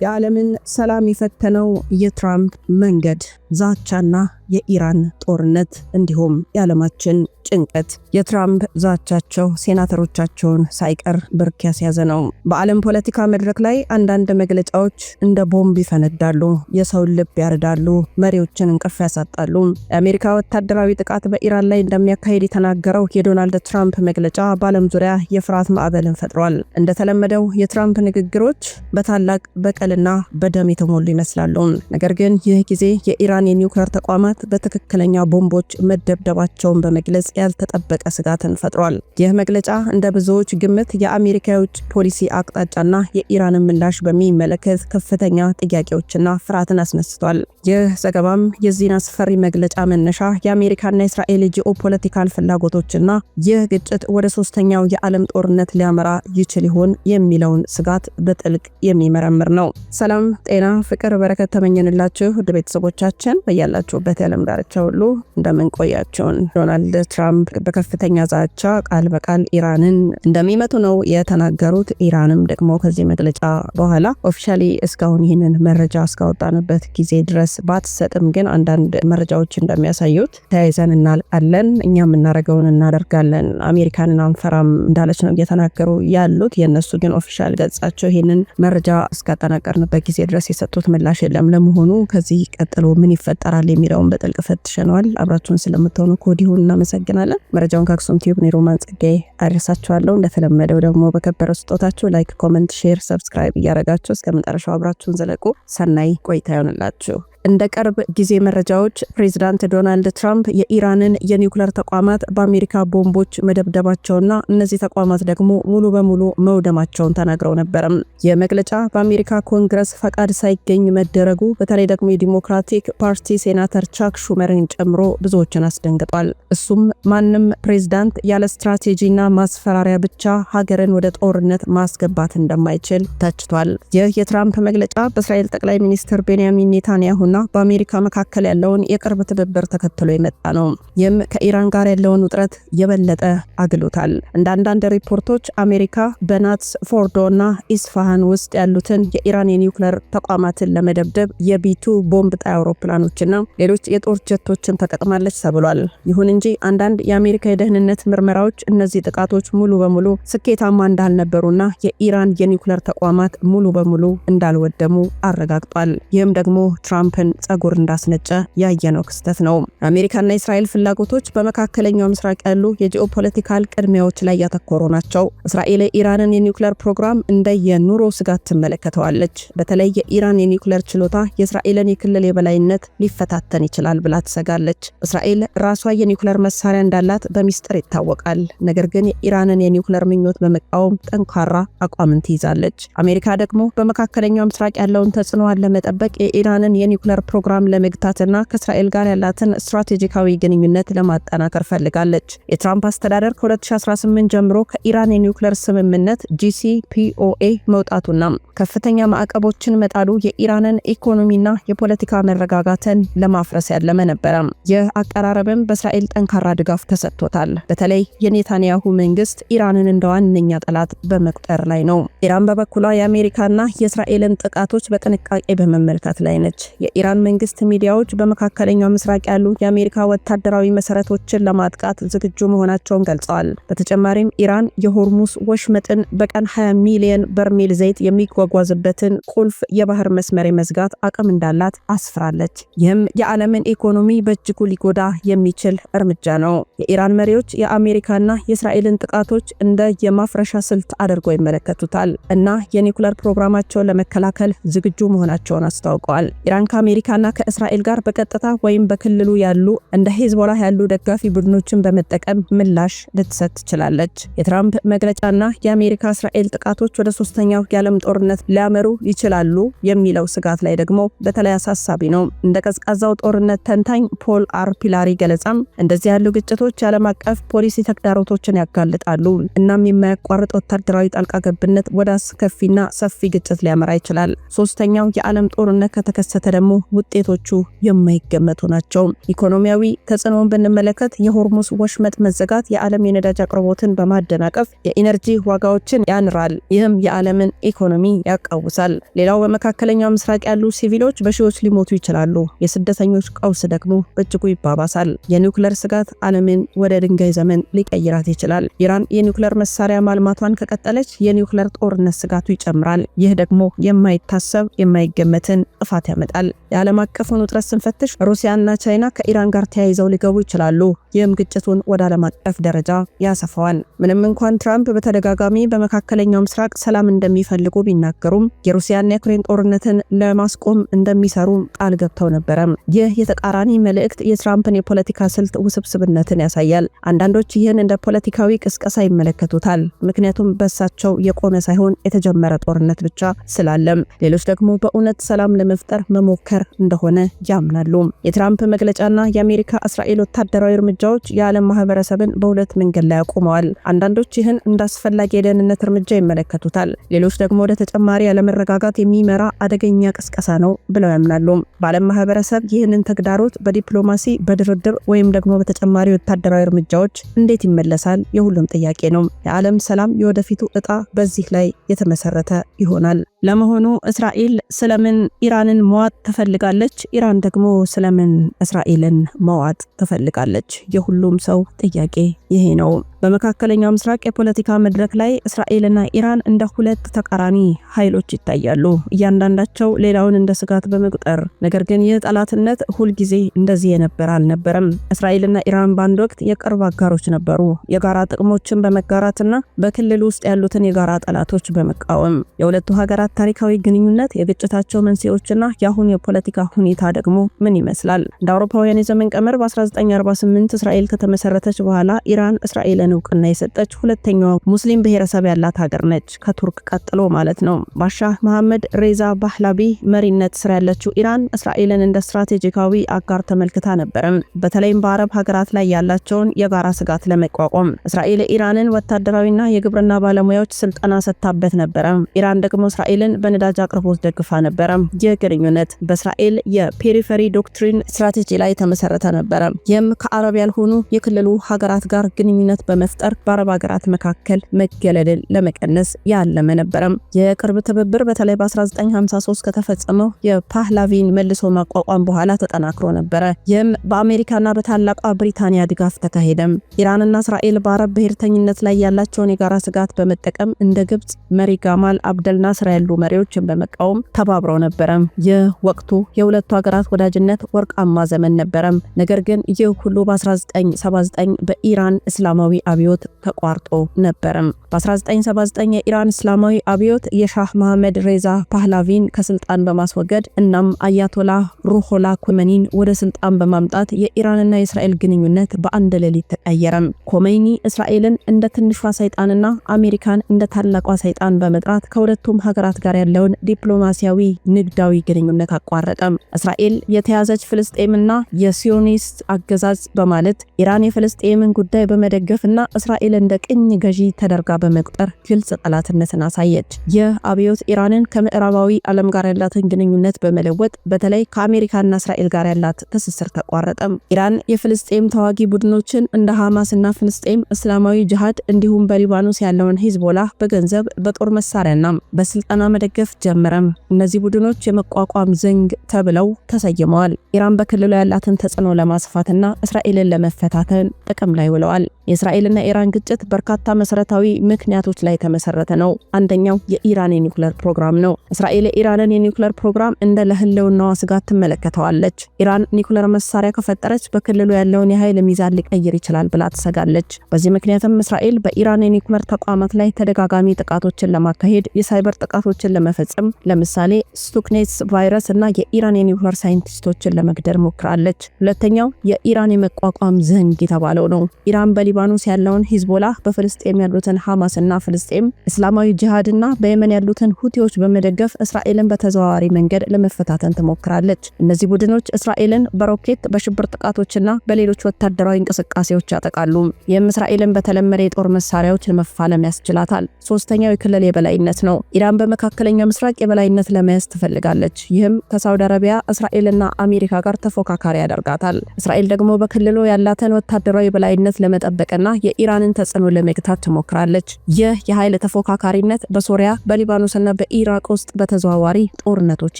يعلم ሰላም የፈተነው የትራምፕ መንገድ ዛቻና የኢራን ጦርነት እንዲሁም የዓለማችን ጭንቀት የትራምፕ ዛቻቸው ሴናተሮቻቸውን ሳይቀር ብርክ ያስያዘ ነው። በዓለም ፖለቲካ መድረክ ላይ አንዳንድ መግለጫዎች እንደ ቦምብ ይፈነዳሉ፣ የሰውን ልብ ያርዳሉ፣ መሪዎችን እንቅፍ ያሳጣሉ። የአሜሪካ ወታደራዊ ጥቃት በኢራን ላይ እንደሚያካሄድ የተናገረው የዶናልድ ትራምፕ መግለጫ በዓለም ዙሪያ የፍርሃት ማዕበልን ፈጥሯል። እንደተለመደው የትራምፕ ንግግሮች በታላቅ በቀልና በ በደም የተሞሉ ይመስላሉ። ነገር ግን ይህ ጊዜ የኢራን የኒውክሌር ተቋማት በትክክለኛ ቦምቦች መደብደባቸውን በመግለጽ ያልተጠበቀ ስጋትን ፈጥሯል። ይህ መግለጫ እንደ ብዙዎች ግምት የአሜሪካ የውጭ ፖሊሲ አቅጣጫና የኢራንን ምላሽ በሚመለከት ከፍተኛ ጥያቄዎችና ፍርሃትን አስነስቷል። ይህ ዘገባም የዚህን አስፈሪ መግለጫ መነሻ የአሜሪካና የእስራኤል ጂኦፖለቲካል ፍላጎቶችና ይህ ግጭት ወደ ሶስተኛው የዓለም ጦርነት ሊያመራ ይችል ይሆን የሚለውን ስጋት በጥልቅ የሚመረምር ነው። ሰላም ጤና፣ ፍቅር፣ በረከት ተመኘንላችሁ ውድ ቤተሰቦቻችን በያላችሁበት የዓለም ዳርቻ ሁሉ እንደምንቆያቸውን ዶናልድ ትራምፕ በከፍተኛ ዛቻ ቃል በቃል ኢራንን እንደሚመቱ ነው የተናገሩት። ኢራንም ደግሞ ከዚህ መግለጫ በኋላ ኦፊሻሊ እስካሁን ይህንን መረጃ እስካወጣንበት ጊዜ ድረስ ባትሰጥም ግን አንዳንድ መረጃዎች እንደሚያሳዩት ተያይዘን እናልቃለን፣ እኛ የምናደርገውን እናደርጋለን፣ አሜሪካንን አንፈራም እንዳለች ነው እየተናገሩ ያሉት። የእነሱ ግን ኦፊሻል ገጻቸው ይህንን መረጃ እስካጠናቀርንበት ጊዜ ድረስ ድረስ የሰጡት ምላሽ የለም። ለመሆኑ ከዚህ ቀጥሎ ምን ይፈጠራል የሚለውን በጥልቅ ፈትሸነዋል። አብራችሁን ስለምትሆኑ ከወዲሁ እናመሰግናለን። መረጃውን ከአክሱም ቲዩብ እኔ ሮማን ጸጋዬ አድርሳችኋለሁ። እንደተለመደው ደግሞ በከበረ ስጦታችሁ ላይክ፣ ኮመንት፣ ሼር፣ ሰብስክራይብ እያረጋችሁ እስከ መጨረሻው አብራችሁን ዘለቁ። ሰናይ ቆይታ ይሆንላችሁ። እንደ ቅርብ ጊዜ መረጃዎች ፕሬዚዳንት ዶናልድ ትራምፕ የኢራንን የኒውክለር ተቋማት በአሜሪካ ቦምቦች መደብደባቸውና እነዚህ ተቋማት ደግሞ ሙሉ በሙሉ መውደማቸውን ተናግረው ነበር። የመግለጫ በአሜሪካ ኮንግረስ ፈቃድ ሳይገኝ መደረጉ በተለይ ደግሞ የዲሞክራቲክ ፓርቲ ሴናተር ቻክ ሹመርን ጨምሮ ብዙዎችን አስደንግጧል። እሱም ማንም ፕሬዚዳንት ያለ ስትራቴጂና ማስፈራሪያ ብቻ ሀገርን ወደ ጦርነት ማስገባት እንደማይችል ተችቷል። ይህ የትራምፕ መግለጫ በእስራኤል ጠቅላይ ሚኒስትር ቤንያሚን ኔታንያሁና በኢራንና በአሜሪካ መካከል ያለውን የቅርብ ትብብር ተከትሎ የመጣ ነው። ይህም ከኢራን ጋር ያለውን ውጥረት የበለጠ አግሎታል። እንደ አንዳንድ ሪፖርቶች አሜሪካ በናትስ ፎርዶ እና ኢስፋሃን ውስጥ ያሉትን የኢራን የኒውክለር ተቋማትን ለመደብደብ የቢቱ ቦምብ ጣይ አውሮፕላኖችና ሌሎች የጦር ጀቶችን ተጠቅማለች ተብሏል። ይሁን እንጂ አንዳንድ የአሜሪካ የደህንነት ምርመራዎች እነዚህ ጥቃቶች ሙሉ በሙሉ ስኬታማ እንዳልነበሩና የኢራን የኒውክለር ተቋማት ሙሉ በሙሉ እንዳልወደሙ አረጋግጧል። ይህም ደግሞ ትራምፕን ሀገርን ጸጉር እንዳስነጨ ያየነው ክስተት ነው። አሜሪካና እስራኤል ፍላጎቶች በመካከለኛው ምስራቅ ያሉ የጂኦፖለቲካል ቅድሚያዎች ላይ ያተኮሩ ናቸው። እስራኤል የኢራንን የኒውክሌር ፕሮግራም እንደ የኑሮ ስጋት ትመለከተዋለች። በተለይ የኢራን የኒውክሌር ችሎታ የእስራኤልን የክልል የበላይነት ሊፈታተን ይችላል ብላ ትሰጋለች። እስራኤል ራሷ የኒውክሌር መሳሪያ እንዳላት በሚስጥር ይታወቃል። ነገር ግን የኢራንን የኒውክሌር ምኞት በመቃወም ጠንካራ አቋምን ትይዛለች። አሜሪካ ደግሞ በመካከለኛው ምስራቅ ያለውን ተጽዕኖዋን ለመጠበቅ የኢራንን የኒውክሌር የኒውክሌር ፕሮግራም ለመግታትና ከእስራኤል ጋር ያላትን ስትራቴጂካዊ ግንኙነት ለማጠናከር ፈልጋለች። የትራምፕ አስተዳደር ከ2018 ጀምሮ ከኢራን የኒውክሌር ስምምነት ጂሲፒኦኤ መውጣቱና ከፍተኛ ማዕቀቦችን መጣሉ የኢራንን ኢኮኖሚና የፖለቲካ መረጋጋትን ለማፍረስ ያለመ ነበረ። ይህ አቀራረብም በእስራኤል ጠንካራ ድጋፍ ተሰጥቶታል። በተለይ የኔታንያሁ መንግስት ኢራንን እንደ ዋነኛ ጠላት በመቁጠር ላይ ነው። ኢራን በበኩሏ የአሜሪካና የእስራኤልን ጥቃቶች በጥንቃቄ በመመልከት ላይ ነች። የኢራን መንግስት ሚዲያዎች በመካከለኛው ምስራቅ ያሉ የአሜሪካ ወታደራዊ መሰረቶችን ለማጥቃት ዝግጁ መሆናቸውን ገልጸዋል። በተጨማሪም ኢራን የሆርሙስ ወሽመጥን በቀን 20 ሚሊዮን በርሜል ዘይት የሚጓጓዝበትን ቁልፍ የባህር መስመር የመዝጋት አቅም እንዳላት አስፍራለች። ይህም የዓለምን ኢኮኖሚ በእጅጉ ሊጎዳ የሚችል እርምጃ ነው። የኢራን መሪዎች የአሜሪካና የእስራኤልን ጥቃቶች እንደ የማፍረሻ ስልት አድርገው ይመለከቱታል እና የኒኩለር ፕሮግራማቸውን ለመከላከል ዝግጁ መሆናቸውን አስታውቀዋል። ኢራን ከአሜሪካና ከእስራኤል ጋር በቀጥታ ወይም በክልሉ ያሉ እንደ ሂዝቦላ ያሉ ደጋፊ ቡድኖችን በመጠቀም ምላሽ ልትሰጥ ትችላለች። የትራምፕ መግለጫና የአሜሪካ እስራኤል ጥቃቶች ወደ ሶስተኛው የዓለም ጦርነት ሊያመሩ ይችላሉ የሚለው ስጋት ላይ ደግሞ በተለይ አሳሳቢ ነው። እንደ ቀዝቃዛው ጦርነት ተንታኝ ፖል አር ፒላሪ ገለጻም እንደዚህ ያሉ ግጭቶች የዓለም አቀፍ ፖሊሲ ተግዳሮቶችን ያጋልጣሉ፣ እናም የማያቋርጥ ወታደራዊ ጣልቃ ገብነት ወደ አስከፊና ሰፊ ግጭት ሊያመራ ይችላል። ሶስተኛው የዓለም ጦርነት ከተከሰተ ደግሞ ውጤቶቹ የማይገመቱ ናቸው። ኢኮኖሚያዊ ተጽዕኖውን ብንመለከት የሆርሙስ ወሽመጥ መዘጋት የዓለም የነዳጅ አቅርቦትን በማደናቀፍ የኢነርጂ ዋጋዎችን ያንራል። ይህም የዓለምን ኢኮኖሚ ያቃውሳል። ሌላው በመካከለኛው ምስራቅ ያሉ ሲቪሎች በሺዎች ሊሞቱ ይችላሉ። የስደተኞች ቀውስ ደግሞ በእጅጉ ይባባሳል። የኒውክለር ስጋት ዓለምን ወደ ድንጋይ ዘመን ሊቀይራት ይችላል። ኢራን የኒውክለር መሳሪያ ማልማቷን ከቀጠለች የኒውክለር ጦርነት ስጋቱ ይጨምራል። ይህ ደግሞ የማይታሰብ የማይገመትን ጥፋት ያመጣል። የዓለም አቀፉን ውጥረት ስንፈትሽ ሩሲያና ቻይና ከኢራን ጋር ተያይዘው ሊገቡ ይችላሉ። ይህም ግጭቱን ወደ ዓለም አቀፍ ደረጃ ያሰፋዋል። ምንም እንኳን ትራምፕ በተደጋጋሚ በመካከለኛው ምስራቅ ሰላም እንደሚፈልጉ ቢናገሩም የሩሲያና የዩክሬን ጦርነትን ለማስቆም እንደሚሰሩ ቃል ገብተው ነበረ። ይህ የተቃራኒ መልእክት የትራምፕን የፖለቲካ ስልት ውስብስብነትን ያሳያል። አንዳንዶች ይህን እንደ ፖለቲካዊ ቅስቀሳ ይመለከቱታል፣ ምክንያቱም በሳቸው የቆመ ሳይሆን የተጀመረ ጦርነት ብቻ ስላለም። ሌሎች ደግሞ በእውነት ሰላም ለመ ለመፍጠር መሞከር እንደሆነ ያምናሉ። የትራምፕ መግለጫና የአሜሪካ እስራኤል ወታደራዊ እርምጃዎች የዓለም ማህበረሰብን በሁለት መንገድ ላይ አቁመዋል። አንዳንዶች ይህን እንደ አስፈላጊ የደህንነት እርምጃ ይመለከቱታል። ሌሎች ደግሞ ወደ ተጨማሪ ያለመረጋጋት የሚመራ አደገኛ ቅስቀሳ ነው ብለው ያምናሉ። በዓለም ማህበረሰብ ይህንን ተግዳሮት በዲፕሎማሲ በድርድር ወይም ደግሞ በተጨማሪ ወታደራዊ እርምጃዎች እንዴት ይመለሳል የሁሉም ጥያቄ ነው። የዓለም ሰላም የወደፊቱ ዕጣ በዚህ ላይ የተመሰረተ ይሆናል። ለመሆኑ እስራኤል ስለምን ኢራንን መዋጥ ትፈልጋለች? ኢራን ደግሞ ስለምን እስራኤልን መዋጥ ትፈልጋለች? የሁሉም ሰው ጥያቄ ይሄ ነው። በመካከለኛው ምስራቅ የፖለቲካ መድረክ ላይ እስራኤልና ኢራን እንደ ሁለት ተቃራኒ ኃይሎች ይታያሉ፣ እያንዳንዳቸው ሌላውን እንደ ስጋት በመቁጠር ነገር ግን ይህ ጠላትነት ሁልጊዜ እንደዚህ የነበረ አልነበረም። እስራኤልና ኢራን በአንድ ወቅት የቅርብ አጋሮች ነበሩ፣ የጋራ ጥቅሞችን በመጋራትና በክልል ውስጥ ያሉትን የጋራ ጠላቶች በመቃወም። የሁለቱ ሀገራት ታሪካዊ ግንኙነት፣ የግጭታቸው መንስኤዎችና የአሁን የፖለቲካ ሁኔታ ደግሞ ምን ይመስላል? እንደ አውሮፓውያን የዘመን ቀመር በ1948 እስራኤል ከተመሰረተች በኋላ ኢራን እስራኤልን እውቅና የሰጠች ሁለተኛዋ ሙስሊም ብሔረሰብ ያላት ሀገር ነች፣ ከቱርክ ቀጥሎ ማለት ነው። ባሻህ መሐመድ ሬዛ ባህላቢ መሪነት ስር ያለችው ኢራን እስራኤልን እንደ ስትራቴጂካዊ አጋር ተመልክታ ነበርም። በተለይም በአረብ ሀገራት ላይ ያላቸውን የጋራ ስጋት ለመቋቋም እስራኤል ኢራንን ወታደራዊና የግብርና ባለሙያዎች ስልጠና ሰጥታበት ነበረ። ኢራን ደግሞ እስራኤልን በነዳጅ አቅርቦት ደግፋ ነበረ። ይህ ግንኙነት በእስራኤል የፔሪፌሪ ዶክትሪን ስትራቴጂ ላይ ተመሰረተ ነበረ። ይህም ከአረብ ያልሆኑ የክልሉ ሀገራት ጋር ግንኙነት በ በመፍጠር በአረብ ሀገራት መካከል መገለልን ለመቀነስ ያለመ ነበረም። የቅርብ ትብብር በተለይ በ1953 ከተፈጸመው የፓህላቪን መልሶ ማቋቋም በኋላ ተጠናክሮ ነበረ። ይህም በአሜሪካና በታላቋ ብሪታንያ ድጋፍ ተካሄደም። ኢራንና እስራኤል በአረብ ብሔርተኝነት ላይ ያላቸውን የጋራ ስጋት በመጠቀም እንደ ግብፅ መሪ ጋማል አብደል ናስር ያሉ መሪዎችን በመቃወም ተባብረው ነበረም። ይህ ወቅቱ የሁለቱ ሀገራት ወዳጅነት ወርቃማ ዘመን ነበረም። ነገር ግን ይህ ሁሉ በ1979 በኢራን እስላማዊ አብዮት ተቋርጦ ነበርም። በ1979 የኢራን እስላማዊ አብዮት የሻህ መሐመድ ሬዛ ፓህላቪን ከስልጣን በማስወገድ እናም አያቶላ ሩሆላ ኮመኒን ወደ ስልጣን በማምጣት የኢራንና የእስራኤል ግንኙነት በአንድ ሌሊት ተቀየረም። ኮመኒ እስራኤልን እንደ ትንሿ ሰይጣንና አሜሪካን እንደ ታላቋ ሰይጣን በመጥራት ከሁለቱም ሀገራት ጋር ያለውን ዲፕሎማሲያዊ ንግዳዊ ግንኙነት አቋረጠም። እስራኤል የተያዘች ፍልስጤምና የሲዮኒስት አገዛዝ በማለት ኢራን የፍልስጤምን ጉዳይ በመደገፍ እና እስራኤል እንደ ቅኝ ገዢ ተደርጋ በመቁጠር ግልጽ ጠላትነትን አሳየች። ይህ አብዮት ኢራንን ከምዕራባዊ ዓለም ጋር ያላትን ግንኙነት በመለወጥ በተለይ ከአሜሪካና እስራኤል ጋር ያላት ትስስር ተቋረጠም። ኢራን የፍልስጤም ተዋጊ ቡድኖችን እንደ ሐማስና ፍልስጤም እስላማዊ ጅሃድ እንዲሁም በሊባኖስ ያለውን ሂዝቦላ በገንዘብ በጦር መሳሪያና በስልጠና መደገፍ ጀመረም። እነዚህ ቡድኖች የመቋቋም ዘንግ ተብለው ተሰይመዋል። ኢራን በክልሉ ያላትን ተጽዕኖ ለማስፋትና እስራኤልን ለመፈታተን ጥቅም ላይ ውለዋል። የእስራኤልና ኢራን ግጭት በርካታ መሰረታዊ ምክንያቶች ላይ የተመሰረተ ነው። አንደኛው የኢራን የኒውክለር ፕሮግራም ነው። እስራኤል የኢራንን የኒውክለር ፕሮግራም እንደ ለህልውናዋ ስጋት ትመለከተዋለች። ኢራን ኒውክሌር መሳሪያ ከፈጠረች በክልሉ ያለውን የኃይል ሚዛን ሊቀይር ይችላል ብላ ትሰጋለች። በዚህ ምክንያትም እስራኤል በኢራን የኒውክለር ተቋማት ላይ ተደጋጋሚ ጥቃቶችን ለማካሄድ፣ የሳይበር ጥቃቶችን ለመፈጸም ለምሳሌ ስቱክኔትስ ቫይረስ እና የኢራን የኒውክለር ሳይንቲስቶችን ለመግደር ሞክራለች። ሁለተኛው የኢራን የመቋቋም ዘንግ የተባለው ነው። ኢራን በሊ በሊባኖስ ያለውን ሂዝቦላ በፍልስጤም ያሉትን ሐማስና ፍልስጤም እስላማዊ ጅሃድ እና በየመን ያሉትን ሁቲዎች በመደገፍ እስራኤልን በተዘዋዋሪ መንገድ ለመፈታተን ትሞክራለች። እነዚህ ቡድኖች እስራኤልን በሮኬት በሽብር ጥቃቶችና በሌሎች ወታደራዊ እንቅስቃሴዎች ያጠቃሉ። ይህም እስራኤልን በተለመደ የጦር መሳሪያዎች ለመፋለም ያስችላታል። ሶስተኛው የክልል የበላይነት ነው። ኢራን በመካከለኛው ምስራቅ የበላይነት ለመያዝ ትፈልጋለች። ይህም ከሳውዲ አረቢያ እስራኤልና አሜሪካ ጋር ተፎካካሪ ያደርጋታል። እስራኤል ደግሞ በክልሉ ያላትን ወታደራዊ በላይነት ለመጠበቅ ለማጥለቅለቅና የኢራንን ተጽዕኖ ለመግታት ትሞክራለች። ይህ የኃይል ተፎካካሪነት በሶሪያ በሊባኖስና በኢራቅ ውስጥ በተዘዋዋሪ ጦርነቶች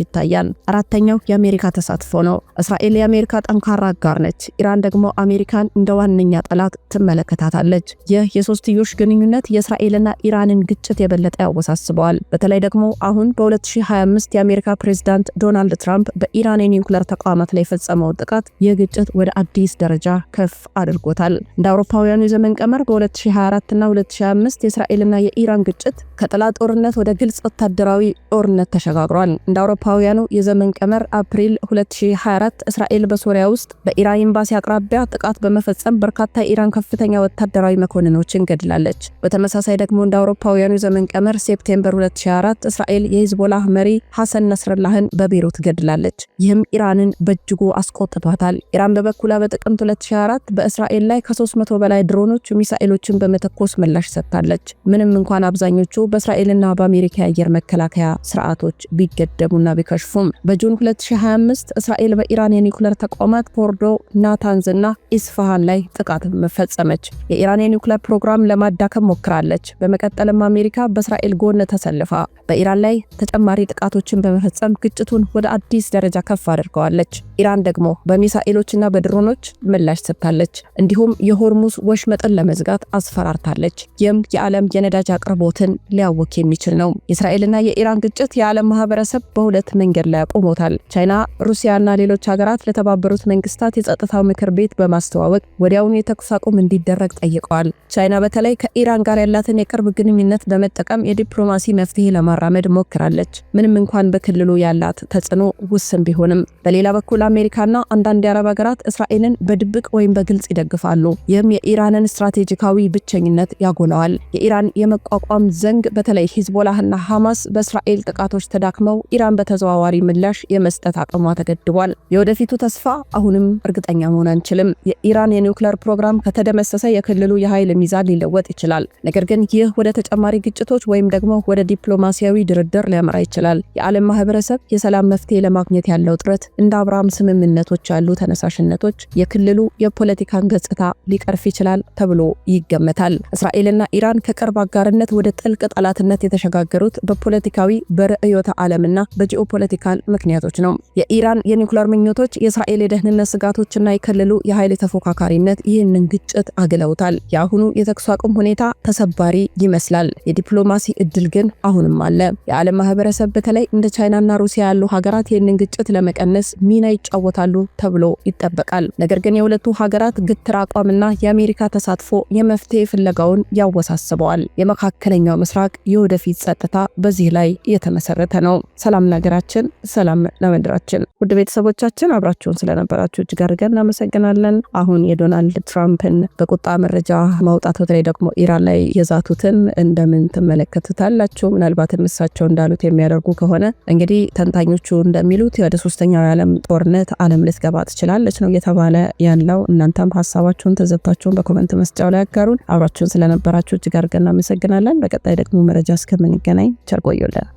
ይታያል። አራተኛው የአሜሪካ ተሳትፎ ነው። እስራኤል የአሜሪካ ጠንካራ አጋር ነች። ኢራን ደግሞ አሜሪካን እንደ ዋነኛ ጠላት ትመለከታታለች። ይህ የሶስትዮሽ ግንኙነት የእስራኤልና ኢራንን ግጭት የበለጠ ያወሳስበዋል። በተለይ ደግሞ አሁን በ2025 የአሜሪካ ፕሬዝዳንት ዶናልድ ትራምፕ በኢራን የኒውክለር ተቋማት ላይ የፈጸመው ጥቃት ይህ ግጭት ወደ አዲስ ደረጃ ከፍ አድርጎታል። እንደ አውሮፓውያ የአውሮፓውያኑ የዘመን ቀመር በ2024 እና 2025 የእስራኤልና የኢራን ግጭት ከጥላ ጦርነት ወደ ግልጽ ወታደራዊ ጦርነት ተሸጋግሯል። እንደ አውሮፓውያኑ የዘመን ቀመር አፕሪል 2024 እስራኤል በሶሪያ ውስጥ በኢራን ኤምባሲ አቅራቢያ ጥቃት በመፈጸም በርካታ የኢራን ከፍተኛ ወታደራዊ መኮንኖችን ገድላለች። በተመሳሳይ ደግሞ እንደ አውሮፓውያኑ የዘመን ቀመር ሴፕቴምበር 2024 እስራኤል የሂዝቦላህ መሪ ሐሰን ነስረላህን በቤሩት ገድላለች። ይህም ኢራንን በእጅጉ አስቆጥቷታል። ኢራን በበኩሏ በጥቅምት 2024 በእስራኤል ላይ ከ300 በላይ ድሮኖች ሚሳኤሎችን በመተኮስ ምላሽ ሰጥታለች። ምንም እንኳን አብዛኞቹ በእስራኤልና በአሜሪካ የአየር መከላከያ ስርዓቶች ቢገደቡና ቢከሽፉም በጁን 2025 እስራኤል በኢራን የኒውክለር ተቋማት ፎርዶ፣ ናታንዝ እና ኢስፋሃን ላይ ጥቃት መፈጸመች። የኢራን የኒውክለር ፕሮግራም ለማዳከም ሞክራለች። በመቀጠልም አሜሪካ በእስራኤል ጎን ተሰልፋ በኢራን ላይ ተጨማሪ ጥቃቶችን በመፈጸም ግጭቱን ወደ አዲስ ደረጃ ከፍ አድርገዋለች። ኢራን ደግሞ በሚሳኤሎችና በድሮኖች ምላሽ ሰጥታለች። እንዲሁም የሆርሙዝ በግማሽ መጠን ለመዝጋት አስፈራርታለች። ይህም የዓለም የነዳጅ አቅርቦትን ሊያውክ የሚችል ነው። የእስራኤልና የኢራን ግጭት የዓለም ማህበረሰብ በሁለት መንገድ ላይ አቁሞታል። ቻይና፣ ሩሲያና ሌሎች ሀገራት ለተባበሩት መንግስታት የጸጥታው ምክር ቤት በማስተዋወቅ ወዲያውኑ የተኩስ አቁም እንዲደረግ ጠይቀዋል። ቻይና በተለይ ከኢራን ጋር ያላትን የቅርብ ግንኙነት በመጠቀም የዲፕሎማሲ መፍትሄ ለማራመድ ሞክራለች፣ ምንም እንኳን በክልሉ ያላት ተጽዕኖ ውስን ቢሆንም። በሌላ በኩል አሜሪካና አንዳንድ የአረብ ሀገራት እስራኤልን በድብቅ ወይም በግልጽ ይደግፋሉ። ይህም የኢራንን ስትራቴጂካዊ ብቸኝነት ያጎለዋል። የኢራን የመቋቋም ዘንግ በተለይ ሂዝቦላህና ሐማስ በእስራኤል ጥቃቶች ተዳክመው ኢራን በተዘዋዋሪ ምላሽ የመስጠት አቅሟ ተገድቧል። የወደፊቱ ተስፋ አሁንም እርግጠኛ መሆን አንችልም። የኢራን የኒውክለር ፕሮግራም ከተደመሰሰ የክልሉ የኃይል ሚዛን ሊለወጥ ይችላል። ነገር ግን ይህ ወደ ተጨማሪ ግጭቶች ወይም ደግሞ ወደ ዲፕሎማሲያዊ ድርድር ሊያመራ ይችላል። የዓለም ማህበረሰብ የሰላም መፍትሄ ለማግኘት ያለው ጥረት እንደ አብርሃም ስምምነቶች ያሉ ተነሳሽነቶች የክልሉ የፖለቲካን ገጽታ ሊቀርፍ ይችላል ይችላል ተብሎ ይገመታል። እስራኤልና ኢራን ከቅርብ አጋርነት ወደ ጥልቅ ጠላትነት የተሸጋገሩት በፖለቲካዊ በርዕዮተ ዓለምና በጂኦፖለቲካል ምክንያቶች ነው። የኢራን የኒውክሌር ምኞቶች፣ የእስራኤል የደህንነት ስጋቶችና የክልሉ የኃይል ተፎካካሪነት ይህንን ግጭት አግለውታል። የአሁኑ የተኩስ አቁም ሁኔታ ተሰባሪ ይመስላል። የዲፕሎማሲ እድል ግን አሁንም አለ። የዓለም ማህበረሰብ በተለይ እንደ ቻይናና ሩሲያ ያሉ ሀገራት ይህንን ግጭት ለመቀነስ ሚና ይጫወታሉ ተብሎ ይጠበቃል። ነገር ግን የሁለቱ ሀገራት ግትር አቋምና የአሜሪካ የአሜሪካ ተሳትፎ የመፍትሄ ፍለጋውን ያወሳስበዋል። የመካከለኛው ምስራቅ የወደፊት ጸጥታ በዚህ ላይ የተመሰረተ ነው። ሰላም ለሀገራችን፣ ሰላም ለምድራችን። ውድ ቤተሰቦቻችን አብራችሁን ስለነበራችሁ እጅግ አድርገን እናመሰግናለን። አሁን የዶናልድ ትራምፕን በቁጣ መረጃ ማውጣት በተለይ ደግሞ ኢራን ላይ የዛቱትን እንደምን ትመለከቱታላችሁ? ምናልባትም እሳቸው እንዳሉት የሚያደርጉ ከሆነ እንግዲህ ተንታኞቹ እንደሚሉት ወደ ሶስተኛው የዓለም ጦርነት ዓለም ልትገባ ትችላለች ነው እየተባለ ያለው። እናንተም ሀሳባችሁን ተዘብታችሁን በኮመንት መስጫው ላይ አጋሩን። አብራችሁን ስለነበራችሁ እጅግ አድርገን እናመሰግናለን። በቀጣይ ደግሞ መረጃ እስከምንገናኝ ቸር ቆዩልን።